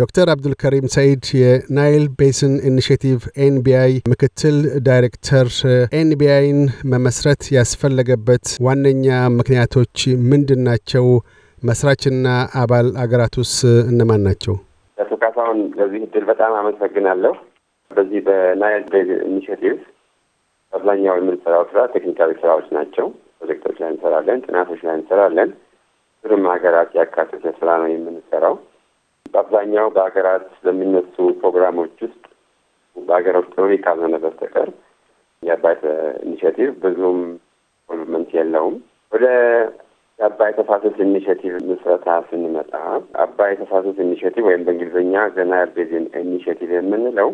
ዶክተር አብዱልከሪም ሰይድ የናይል ቤስን ኢኒሽቲቭ ኤንቢአይ ምክትል ዳይሬክተር፣ ኤንቢአይን መመስረት ያስፈለገበት ዋነኛ ምክንያቶች ምንድን ናቸው? መስራችና አባል አገራቱስ እነማን ናቸው? አቶ ካሳሁን ለዚህ እድል በጣም አመሰግናለሁ። በዚህ በናይል ቤዝ ኢኒሽቲቭ አብዛኛው የምንሰራው ስራ ቴክኒካዊ ስራዎች ናቸው። ፕሮጀክቶች ላይ እንሰራለን፣ ጥናቶች ላይ እንሰራለን። ሁሉም ሀገራት ያካተተ ስራ ነው የምንሰራው በአብዛኛው በሀገራት በሚነሱ ፕሮግራሞች ውስጥ በሀገር ውስጥ ሆኔ ካልሆነ በስተቀር የአባይ ኢኒሽቲቭ ብዙም ኮሚትመንት የለውም። ወደ የአባይ ተፋሰስ ኢኒሽቲቭ ምስረታ ስንመጣ አባይ ተፋሰስ ኢኒሽቲቭ ወይም በእንግሊዝኛ ዘ ናይል ቤዚን ኢኒሽቲቭ የምንለው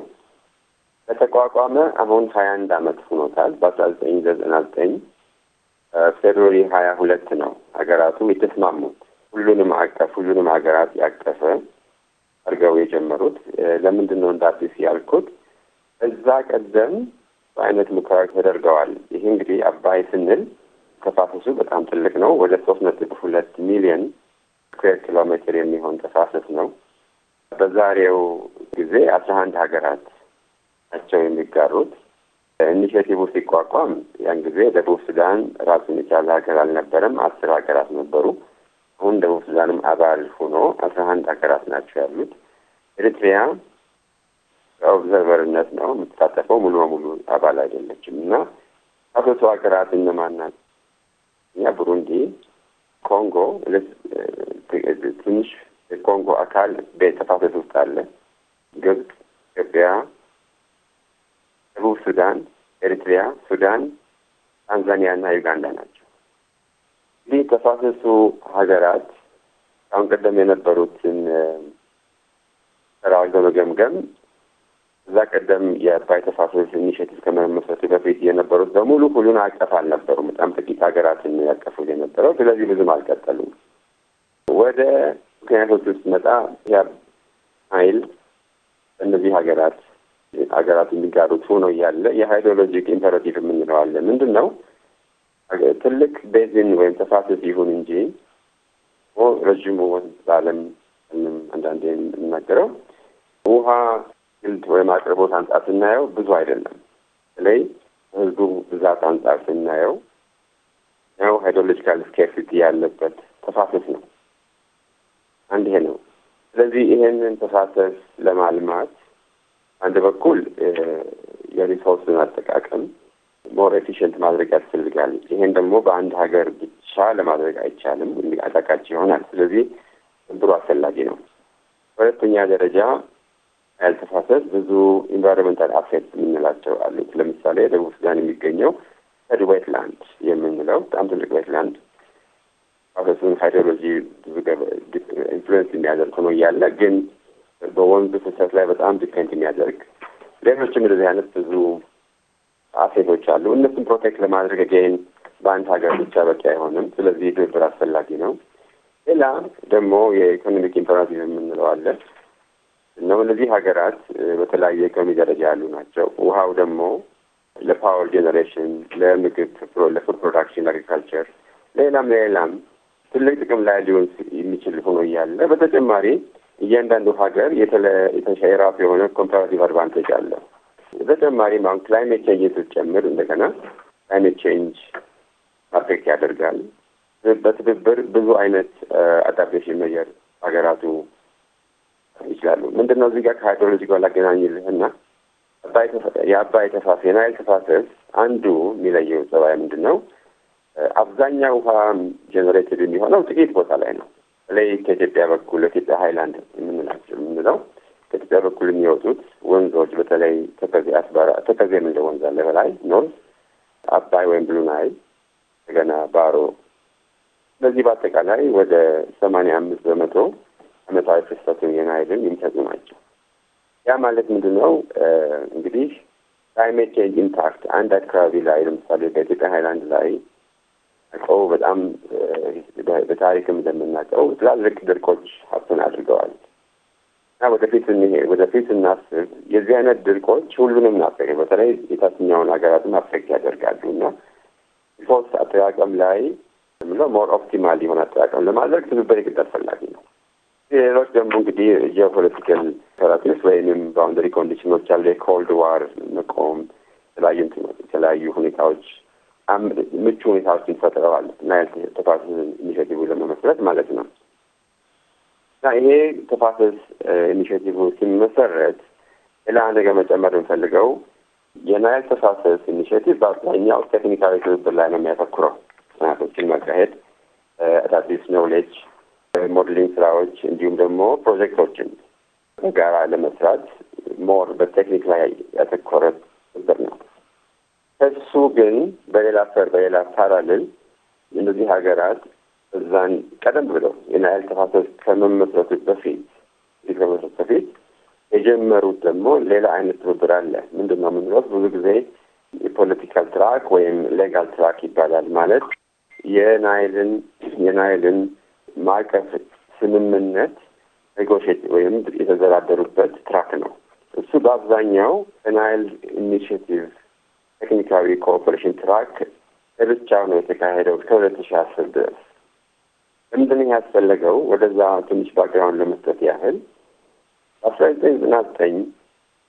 በተቋቋመ አሁን ሀያ አንድ አመት ሆኖታል። በአስራ ዘጠኝ ዘጠና ዘጠኝ ፌብሩዋሪ ሀያ ሁለት ነው ሀገራቱ የተስማሙት ሁሉንም አቀፍ ሁሉንም ሀገራት ያቀፈ አድርገው የጀመሩት። ለምንድን ነው እንደ አዲስ ያልኩት? እዛ ቀደም በአይነት ሙከራ ተደርገዋል። ይህ እንግዲህ አባይ ስንል ተፋሰሱ በጣም ትልቅ ነው። ወደ ሶስት ነጥብ ሁለት ሚሊዮን ስኩዌር ኪሎ ሜትር የሚሆን ተፋሰስ ነው። በዛሬው ጊዜ አስራ አንድ ሀገራት ናቸው የሚጋሩት። ኢኒሽቲቭ ሲቋቋም ያን ጊዜ ደቡብ ሱዳን ራሱን የቻለ ሀገር አልነበረም። አስር ሀገራት ነበሩ። አሁን ደቡብ ሱዳንም አባል ሆኖ አስራ አንድ ሀገራት ናቸው ያሉት። ኤሪትሪያ ኦብዘርቨርነት ነው የምትሳተፈው፣ ሙሉ በሙሉ አባል አይደለችም። እና አቶቶ ሀገራት እነማን ናት እኛ ቡሩንዲ፣ ኮንጎ ትንሽ የኮንጎ አካል በተፋሰስ ውስጥ አለ፣ ግብጽ፣ ኢትዮጵያ፣ ደቡብ ሱዳን፣ ኤሪትሪያ፣ ሱዳን፣ ታንዛኒያ እና ዩጋንዳ ናቸው። ይህ ተፋሰሱ ሀገራት አሁን ቀደም የነበሩትን ስራዎች በመገምገም እዛ ቀደም የአባይ ተፋሰስ ኢኒሽቲቭ ከመመስረቱ በፊት የነበሩት በሙሉ ሁሉን አቀፍ አልነበሩም። በጣም ጥቂት ሀገራትን ያቀፉ የነበረው። ስለዚህ ብዙም አልቀጠሉም። ወደ ምክንያቶች ውስጥ መጣ ያ ሀይል እነዚህ ሀገራት ሀገራት የሚጋሩት ሆኖ እያለ የሃይድሮሎጂክ ኢምፐረቲቭ የምንለዋለን ምንድን ነው ትልቅ ቤዝን ወይም ተፋሰስ ይሁን እንጂ ረዥሙ ወንዝ በዓለም አንዳንዴ የምናገረው ውሃ ግልድ ወይም አቅርቦት አንጻር ስናየው ብዙ አይደለም። በተለይ ህዝቡ ብዛት አንጻር ስናየው ያው ሃይድሮሎጂካል ስኬርሲቲ ያለበት ተፋሰስ ነው። አንድ ይሄ ነው። ስለዚህ ይሄንን ተፋሰስ ለማልማት አንድ በኩል የሪሶርስን አጠቃቀም ሞር ኤፊሽንት ማድረግ ያስፈልጋል። ይሄን ደግሞ በአንድ ሀገር ብቻ ለማድረግ አይቻልም፣ አዳጋች ይሆናል። ስለዚህ ብሩ አስፈላጊ ነው። ሁለተኛ ደረጃ ያልተፋሰስ ብዙ ኢንቫይሮንመንታል አሴት የምንላቸው አሉት። ለምሳሌ ደቡብ ሱዳን የሚገኘው ድ ዌትላንድ የምንለው በጣም ትልቅ ዌትላንድ ፋሰሱን ሃይድሮሎጂ ብዙ ኢንፍሉዌንስ የሚያደርግ ሆኖ እያለ ግን በወንዙ ፍሰት ላይ በጣም ዲፔንድ የሚያደርግ ሌሎችም እንደዚህ አይነት ብዙ አሴቶች አሉ። እነሱም ፕሮቴክት ለማድረግ ጌን በአንድ ሀገር ብቻ በቂ አይሆንም። ስለዚህ ትብብር አስፈላጊ ነው። ሌላ ደግሞ የኢኮኖሚክ ኢምፐራቲቭ የምንለው አለ እና እነዚህ ሀገራት በተለያየ ኢኮኖሚ ደረጃ ያሉ ናቸው። ውሃው ደግሞ ለፓወር ጄኔሬሽን፣ ለምግብ ለፉድ ፕሮዳክሽን፣ ለአግሪካልቸር፣ ሌላም ሌላም ትልቅ ጥቅም ላይ ሊሆን የሚችል ሆኖ እያለ በተጨማሪ እያንዳንዱ ሀገር የተሻራፍ የሆነ ኮምፓራቲቭ አድቫንቴጅ አለው። በተጨማሪም አሁን ክላይሜት ቼንጅ ስትጨምር እንደገና ክላይሜት ቼንጅ አፌክት ያደርጋል። በትብብር ብዙ አይነት አዳፕቴሽን መየር ሀገራቱ ይችላሉ። ምንድን ነው እዚህ ጋር ከሃይድሮሎጂ ጋር ላገናኝልህና የአባይ ተፋሰስ የናይል ተፋሰስ አንዱ የሚለየው ጸባይ ምንድን ነው? አብዛኛው ውሃ ጀነሬትድ የሚሆነው ጥቂት ቦታ ላይ ነው። በተለይ ከኢትዮጵያ በኩል ኢትዮጵያ ሀይላንድ የምንላቸው የምንለው በኢትዮጵያ በኩል የሚወጡት ወንዞች በተለይ ተከዜ አስባራ ተከዜ የምንለው ወንዝ አለ በላይ ኖርዝ አባይ ወይም ብሉ ናይል እንደገና ባሮ በዚህ በአጠቃላይ ወደ ሰማንያ አምስት በመቶ አመታዊ ፍሰቱን የናይልን የሚሰጡ ናቸው። ያ ማለት ምንድን ነው እንግዲህ ክላይሜት ቼንጅ ኢምፓክት አንድ አካባቢ ላይ ለምሳሌ በኢትዮጵያ ሀይላንድ ላይ ቀው በጣም በታሪክም እንደምናውቀው ትላልቅ ድርቆች ሀብትን አድርገዋል። ወደፊት ወደፊት እናስብ። የዚህ አይነት ድርቆች ሁሉንም ናፈቅ በተለይ የታችኛውን ሀገራትን አፈቅ ያደርጋሉ እና ሪሶርስ አጠቃቀም ላይ ምለ ሞር ኦፕቲማል የሆነ አጠቃቀም ለማድረግ ትብብር የግድ አስፈላጊ ነው። ሌሎች ደግሞ እንግዲህ ጂኦፖለቲካል ተራትነት ወይም ባውንደሪ ኮንዲሽኖች አለ። የኮልድ ዋር መቆም የተለያዩ የተለያዩ ሁኔታዎች ምቹ ሁኔታዎችን ፈጥረዋል እና ተፋሰስ ኢኒሽቲቭ ለመመስረት ማለት ነው። እና ይሄ ተፋሰስ ኢኒሽቲቭ ሲመሰረት ሌላ አንድ ነገር መጨመር የንፈልገው የናይል ተፋሰስ ኢኒሽቲቭ በአብዛኛው ቴክኒካዊ ትብብር ላይ ነው የሚያተኩረው። ጥናቶችን መካሄድ፣ አዳዲስ ኖሌጅ ሞዴሊንግ ስራዎች እንዲሁም ደግሞ ፕሮጀክቶችን በጋራ ለመስራት ሞር በቴክኒክ ላይ ያተኮረ ትብብር ነው። ከሱ ግን በሌላ ፈር በሌላ ፓራልል እነዚህ ሀገራት እዛን ቀደም ብለው የናይል ተፋሰስ ከመመስረቱ በፊት ከመመስረቱ በፊት የጀመሩት ደግሞ ሌላ አይነት ትብብር አለ። ምንድን ነው የምንለው? ብዙ ጊዜ የፖለቲካል ትራክ ወይም ሌጋል ትራክ ይባላል። ማለት የናይልን የናይልን ማዕቀፍ ስምምነት ኔጎሽት ወይም የተደራደሩበት ትራክ ነው። እሱ በአብዛኛው ከናይል ኢኒሽቲቭ ቴክኒካዊ ኮኦፐሬሽን ትራክ ብቻ ነው የተካሄደው ከሁለት ሺህ አስር ድረስ እንድን ያስፈለገው ወደዛ ትንሽ ባክግራውንድ ለመስጠት ያህል አስራ ዘጠኝ ዘጠና ዘጠኝ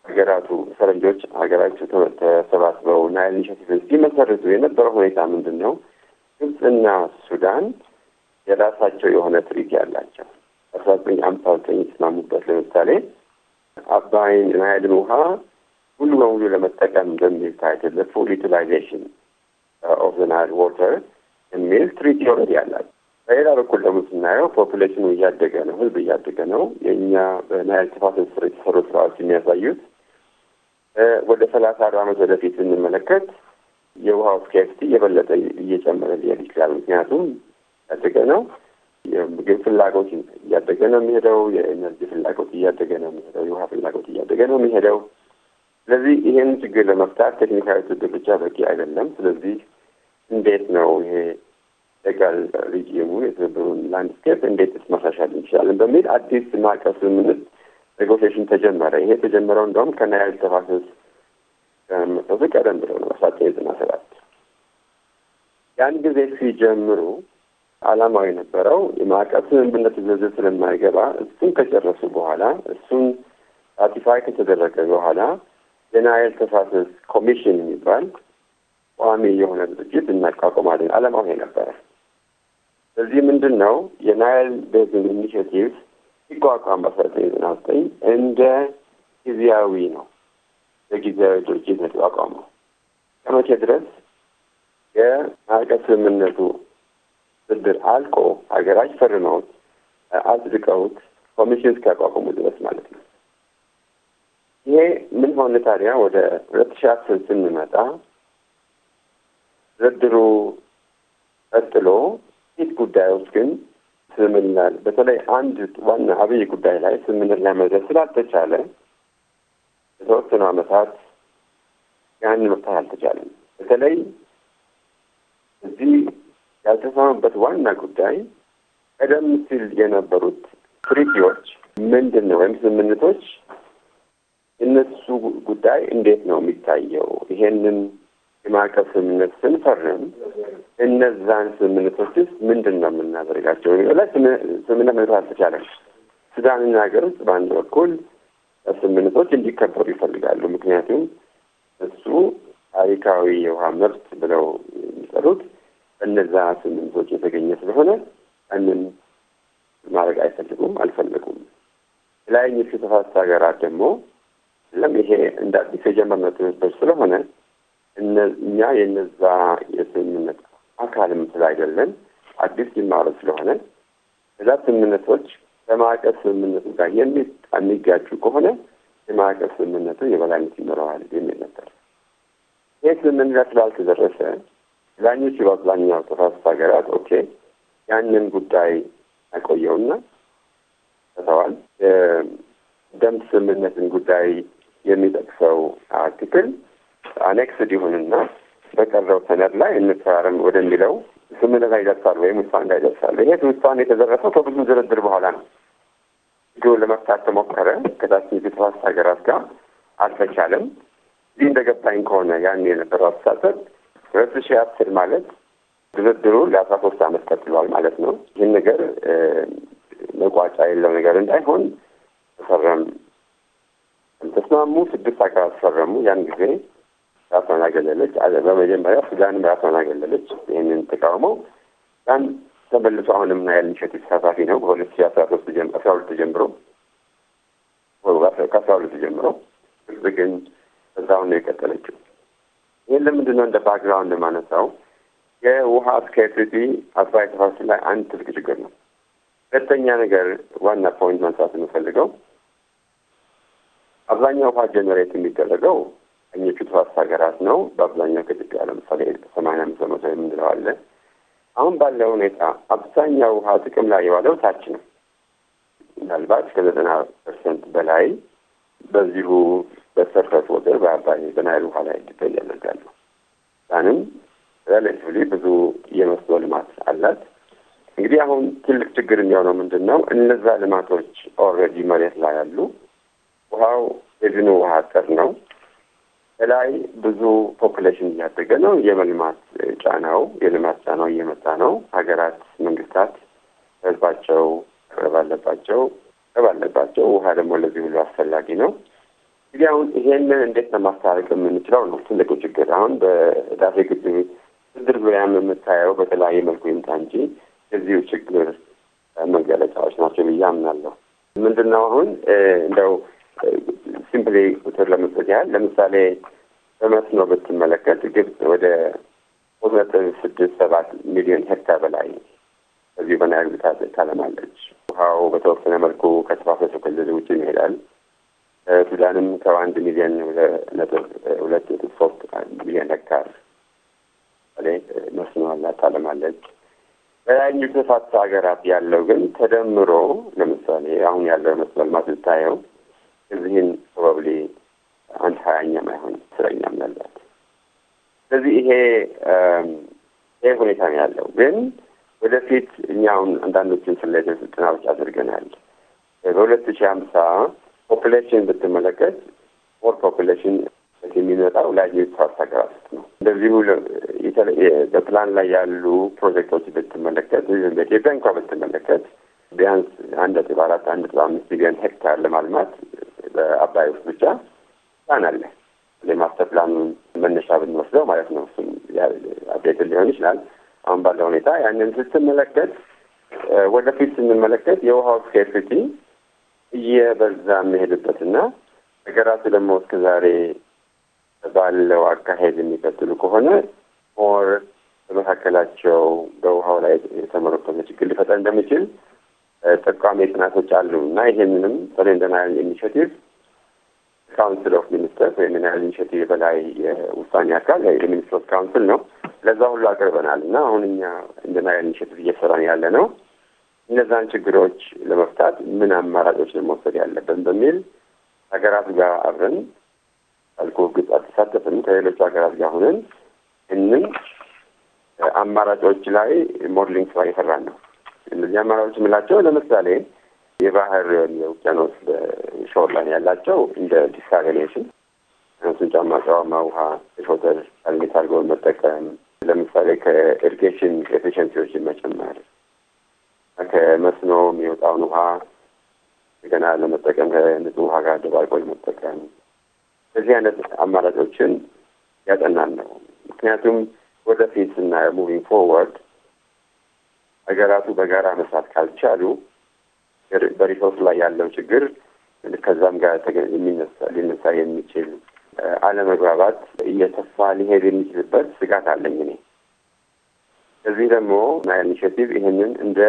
ሀገራቱ ፈረንጆች ሀገራቸው ተሰባስበው ናይል ኢኒሽቲቭን ሲመሰርቱ የነበረው ሁኔታ ምንድን ነው? ግብጽና ሱዳን የራሳቸው የሆነ ትሪቲ ያላቸው አስራ ዘጠኝ አምሳ ዘጠኝ ይስማሙበት ለምሳሌ አባይን ናይልን ውሃ ሙሉ በሙሉ ለመጠቀም በሚል ታይትል ፉል ዩቲላይዜሽን ኦፍ ናይል ዋተር የሚል ትሪቲ ኦልሬዲ ያላቸው በሌላ በኩል ደግሞ ስናየው ፖፑሌሽኑ እያደገ ነው፣ ህዝብ እያደገ ነው። የእኛ በናይል ተፋሰስ ስር የተሰሩ ስራዎች የሚያሳዩት ወደ ሰላሳ አርባ ዓመት ወደፊት ስንመለከት የውሃው ስካርሲቲ የበለጠ እየጨመረ ሊሄድ ይችላል። ምክንያቱም እያደገ ነው። የምግብ ፍላጎት እያደገ ነው የሚሄደው። የኤነርጂ ፍላጎት እያደገ ነው የሚሄደው። የውሃ ፍላጎት እያደገ ነው የሚሄደው። ስለዚህ ይህን ችግር ለመፍታት ቴክኒካዊ ትብብር ብቻ በቂ አይደለም። ስለዚህ እንዴት ነው ይሄ ኤጋል ሪጂየሙ የተዘበሩን ላንድስኬፕ እንዴትስ ማሻሻል እንችላለን በሚል አዲስ ማዕቀፍ ስምምነት ኔጎሽሽን ተጀመረ። ይሄ የተጀመረው እንደውም ከናይል ተፋሰስ ከመሰሱ ቀደም ብለው ነው በአስራ ዘጠኝ ዘጠና ሰባት ያን ጊዜ ሲጀምሩ ዓላማው የነበረው የማዕቀፍ ስምምነት ዝርዝር ስለማይገባ እሱን ከጨረሱ በኋላ እሱን ራቲፋይ ከተደረገ በኋላ የናይል ተፋሰስ ኮሚሽን የሚባል ቋሚ የሆነ ድርጅት እናቋቁማለን። ዓላማው ይሄ ነበረ። በዚህ ምንድን ነው የናይል ቤዝን ኢኒሽቲቭ ሲቋቋም በአስራ ዘጠኝ ዘጠና ዘጠኝ እንደ ጊዜያዊ ነው በጊዜያዊ ድርጅት ነው የተቋቋመው። ከመቼ ድረስ የማዕቀፍ ስምምነቱ ድርድር አልቆ ሀገራች ፈርመውት አጽድቀውት ኮሚሽን እስኪያቋቁሙ ድረስ ማለት ነው። ይሄ ምን ሆነ ታዲያ? ወደ ሁለት ሺ አስር ስንመጣ ድርድሩ ቀጥሎ ጥቂት ጉዳዮች ግን ስምምና በተለይ አንድ ዋና አብይ ጉዳይ ላይ ስምምነት ላይ መድረስ ስላልተቻለ ለተወሰኑ ዓመታት ያን መፍታት አልተቻለም። በተለይ እዚህ ያልተስማሙበት ዋና ጉዳይ ቀደም ሲል የነበሩት ትሪቲዎች ምንድን ነው ወይም ስምምነቶች የእነሱ ጉዳይ እንዴት ነው የሚታየው? ይሄንን የማዕቀፍ ስምምነት ስንፈርም እነዛን ስምምነቶች ውስጥ ምንድን ነው የምናደርጋቸው ላይ ስምምነት መግባት አልተቻለም። ሱዳንና ሀገር ውስጥ በአንድ በኩል ስምምነቶች እንዲከበሩ ይፈልጋሉ። ምክንያቱም እሱ ታሪካዊ የውሃ መብት ብለው የሚጠሩት እነዛ ስምምነቶች የተገኘ ስለሆነ ያንን ማድረግ አይፈልጉም አልፈለጉም። ላይኞቹ ተፋሰስ ሀገራት ደግሞ ለም ይሄ እንደ አዲስ የጀመርነው ትብብር ስለሆነ እኛ የነዛ የስምምነት አካልም ስላይደለን አዲስ ጅማሮ ስለሆነ እዛ ስምምነቶች ከማዕቀፍ ስምምነቱ ጋር የሚጋጩ ከሆነ የማዕቀፍ ስምምነቱ የበላይነት ይኖረዋል የሚል ነበር። ይህ ስምምነት ስላልተደረሰ ዳኞቹ በአብዛኛው ተሳስት ሀገራት ኦኬ ያንን ጉዳይ ያቆየውና ተተዋል። የደንብ ስምምነትን ጉዳይ የሚጠቅሰው አርቲክል አኔክስድ ይሁንና በቀረው ሰነድ ላይ እንፈራረም ወደሚለው ስምምነት ላይ ይደርሳል ወይም ውሳኔ ላይ ይደርሳል። ይሄ ውሳኔ የተደረሰው ከብዙ ድርድር በኋላ ነው። ችግሩን ለመፍታት ተሞከረ። ከታችኞቹ የተፋሰስ ሀገራት ጋር አልተቻለም። እዚህ እንደገባኝ ከሆነ ያን የነበረው አስተሳሰብ ሁለት ሺህ አስር ማለት ድርድሩ ለአስራ ሶስት አመት ቀጥሏል ማለት ነው። ይህን ነገር መቋጫ የለው ነገር እንዳይሆን ተፈረም ተስማሙ። ስድስት ሀገራት ፈረሙ ያን ጊዜ ራሷን አገለለች። በመጀመሪያ ሱዳንም ራሷን አገለለች። ይህንን ተቃውመው ሱዳን ተመልሶ አሁንም ናይል ኢኒሼቲቭ ተሳታፊ ነው። በሁለት ሺ አስራ ሶስት አስራ ሁለት ጀምሮ ከአስራ ሁለት ጀምሮ ግን እዛሁን ነው የቀጠለችው። ይህን ለምንድን ነው እንደ ባክግራውንድ ማነሳው? የውሃ ስካርሲቲ አባይ ተፋሰስ ላይ አንድ ትልቅ ችግር ነው። ሁለተኛ ነገር ዋና ፖይንት ማንሳት የምፈልገው አብዛኛው ውሃ ጀነሬት የሚደረገው ቀኞቹ ተፋሰስ ሀገራት ነው። በአብዛኛው ከኢትዮጵያ ለምሳሌ ሰማንያ አምስት በመቶ የምንለው አለ። አሁን ባለው ሁኔታ አብዛኛው ውሃ ጥቅም ላይ የዋለው ታች ነው። ምናልባት ከዘጠና ፐርሰንት በላይ በዚሁ በሰርፈስ ወደር በአባይ በናይል ውሃ ላይ ዲፔንድ ያደርጋሉ። ጣንም ሬሌቲቭሊ ብዙ የመስኖ ልማት አላት። እንግዲህ አሁን ትልቅ ችግር የሚሆነው ምንድን ነው? እነዛ ልማቶች ኦልሬዲ መሬት ላይ አሉ። ውሃው የዝኑ ውሃ ጥር ነው። ላይ ብዙ ፖፑሌሽን እያደገ ነው። የመልማት ጫናው የልማት ጫናው እየመጣ ነው። ሀገራት መንግስታት ህዝባቸው ቅርብ አለባቸው ቅርብ አለባቸው። ውሃ ደግሞ ለዚህ ሁሉ አስፈላጊ ነው። እንግዲህ አሁን ይሄንን እንዴት ለማስታረቅ የምንችለው ነው ትልቁ ችግር። አሁን በህዳሴ ግድብ ስድር ዙሪያም የምታየው በተለያየ መልኩ ይምታ እንጂ የዚሁ ችግር መገለጫዎች ናቸው ብዬ አምናለሁ። ምንድን ነው አሁን እንደው ሲምፕሊ uh, ቁጥር ለመ የሚያሳዩት ያህል ለምሳሌ በመስኖ ብትመለከት ግብጽ ወደ ሶስት ነጥብ ስድስት ሰባት ሚሊዮን ሄክታር በላይ በዚሁ በናይል ታለማለች። ውሃው በተወሰነ መልኩ ከተፋሰሱ ክልል ውጭ ይሄዳል። ሱዳንም ከአንድ ሚሊዮን ነጥብ ሁለት ነጥብ ሶስት ሚሊዮን ሄክታር ላይ መስኖ አላት ታለማለች። በላይኛው የተፋሰስ ሀገራት ያለው ግን ተደምሮ ለምሳሌ አሁን ያለው መስኖ ልማት ስታየው እዚህን ፕሮባብሊ አንድ ሀያኛ ማይሆን አስረኛም ያላት። ስለዚህ ይሄ ይሄ ሁኔታ ነው ያለው። ግን ወደፊት እኛውን አንዳንዶችን ስለይዘን ስልጠናዎች አድርገናል። በሁለት ሺህ ሀምሳ ፖፕሌሽን ብትመለከት ፎር ፖፕሌሽን የሚመጣው ላይኛው ተፋሰስ ሀገራት ነው። እንደዚሁ በፕላን ላይ ያሉ ፕሮጀክቶች ብትመለከት ወይም በኢትዮጵያ እንኳ ብትመለከት ቢያንስ አንድ ነጥብ አራት አንድ ነጥብ አምስት ቢሊዮን ሄክታር ለማልማት በአባይ ውስጥ ብቻ ፕላን አለ። ማስተር ፕላኑን መነሻ ብንወስደው ማለት ነው። እሱም አፕዴት ሊሆን ይችላል። አሁን ባለው ሁኔታ ያንን ስትመለከት፣ ወደፊት ስንመለከት የውሃው ስኬርሲቲ እየበዛ የሚሄድበት የሚሄድበትና ሀገራቱ ደግሞ እስከ ዛሬ ባለው አካሄድ የሚቀጥሉ ከሆነ ሞር በመካከላቸው በውሃው ላይ የተመረኮዘ ችግር ሊፈጠር እንደሚችል ጠቋሚ ጥናቶች አሉ እና ይሄንንም በተለይ እንደ ኢኒሽቲቭ ካውንስል ኦፍ ሚኒስተርስ ወይም ናይል ኢኒሽቲቭ የበላይ የውሳኔ አካል የሚኒስትሮች ካውንስል ነው። ለዛ ሁሉ አቅርበናል እና አሁን እኛ እንደ ናይል ኢኒሽቲቭ እየሰራን ያለ ነው እነዛን ችግሮች ለመፍታት ምን አማራጮች ለመውሰድ ያለብን በሚል ሀገራት ጋር አብረን አልኮ ግጽ አልተሳተፍም ከሌሎቹ ሀገራት ጋር ሆነን እንም አማራጮች ላይ ሞድሊንግ ስራ እየሰራን ነው። እነዚህ አማራጮች የምላቸው ለምሳሌ የባህር የውቅያኖስ ሾር ያላቸው እንደ ዲሳሊኔሽን እሱን ጫማ ጨዋማ ውሃ ሾተር ታርጌት አድርገውን መጠቀም ለምሳሌ ከኢሪጌሽን ኤፊሽንሲዎችን መጨመር ከመስኖ የሚወጣውን ውሃ እንደገና ለመጠቀም ከንጹህ ውሃ ጋር ደባልቆ መጠቀም እዚህ አይነት አማራጮችን ያጠናን ነው። ምክንያቱም ወደፊት እና ሙቪንግ ፎርወርድ ሀገራቱ በጋራ መስራት ካልቻሉ በሪሶርስ ላይ ያለው ችግር ከዛም ጋር ሊነሳ የሚችል አለመግባባት እየሰፋ ሊሄድ የሚችልበት ስጋት አለኝ እኔ። እዚህ ደግሞ ናይል ኢኒሽቲቭ ይህንን እንደ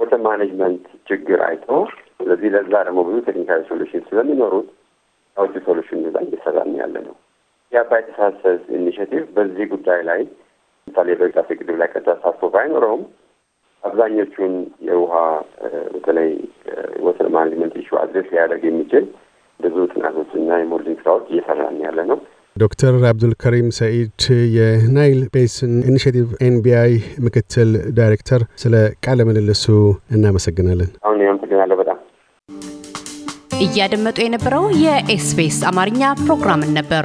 ወተር ማኔጅመንት ችግር አይቶ ስለዚህ ለዛ ደግሞ ብዙ ቴክኒካል ሶሉሽን ስለሚኖሩት ታዎቹ ሶሉሽን ዛ እየሰራን ያለ ነው። የአባይ ተሳሰስ ኢኒሽቲቭ በዚህ ጉዳይ ላይ ምሳሌ በህዳሴ ግድብ ላይ ቀጥታ ተሳትፎ ባይኖረውም አብዛኞቹን የውሃ በተለይ ወተር ማኔጅመንት ኢሹ አድሬስ ሊያደርግ የሚችል ብዙ ጥናቶች እና የሞልዲንግ ስራዎች እየሰራን ያለ ነው። ዶክተር አብዱልከሪም ሰኢድ የናይል ቤስን ኢኒሽቲቭ ኤንቢአይ ምክትል ዳይሬክተር፣ ስለ ቃለ ምልልሱ እናመሰግናለን። አሁን አመሰግናለሁ በጣም እያደመጡ የነበረው የኤስቢኤስ አማርኛ ፕሮግራምን ነበር።